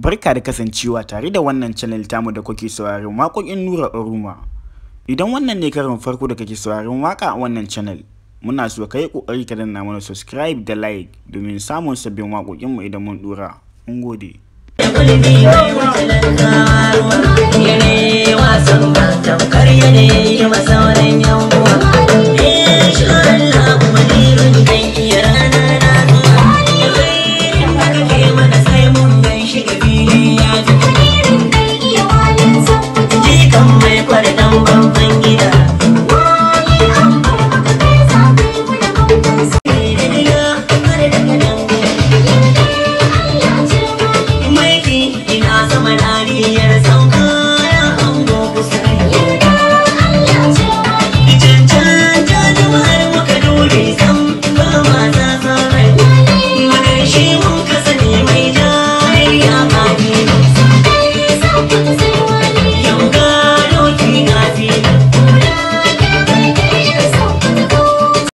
Barka da kasancewa tare da wannan channel tamu da kuke sauraron waƙoƙin Nura Oruma. Idan wannan ne karin farko da kake sauraron waka a wannan channel, muna so ka yi ƙoƙari ka danna mana subscribe da like domin samun sabbin mu idan mun ɗora. Mun gode. wasan amazing.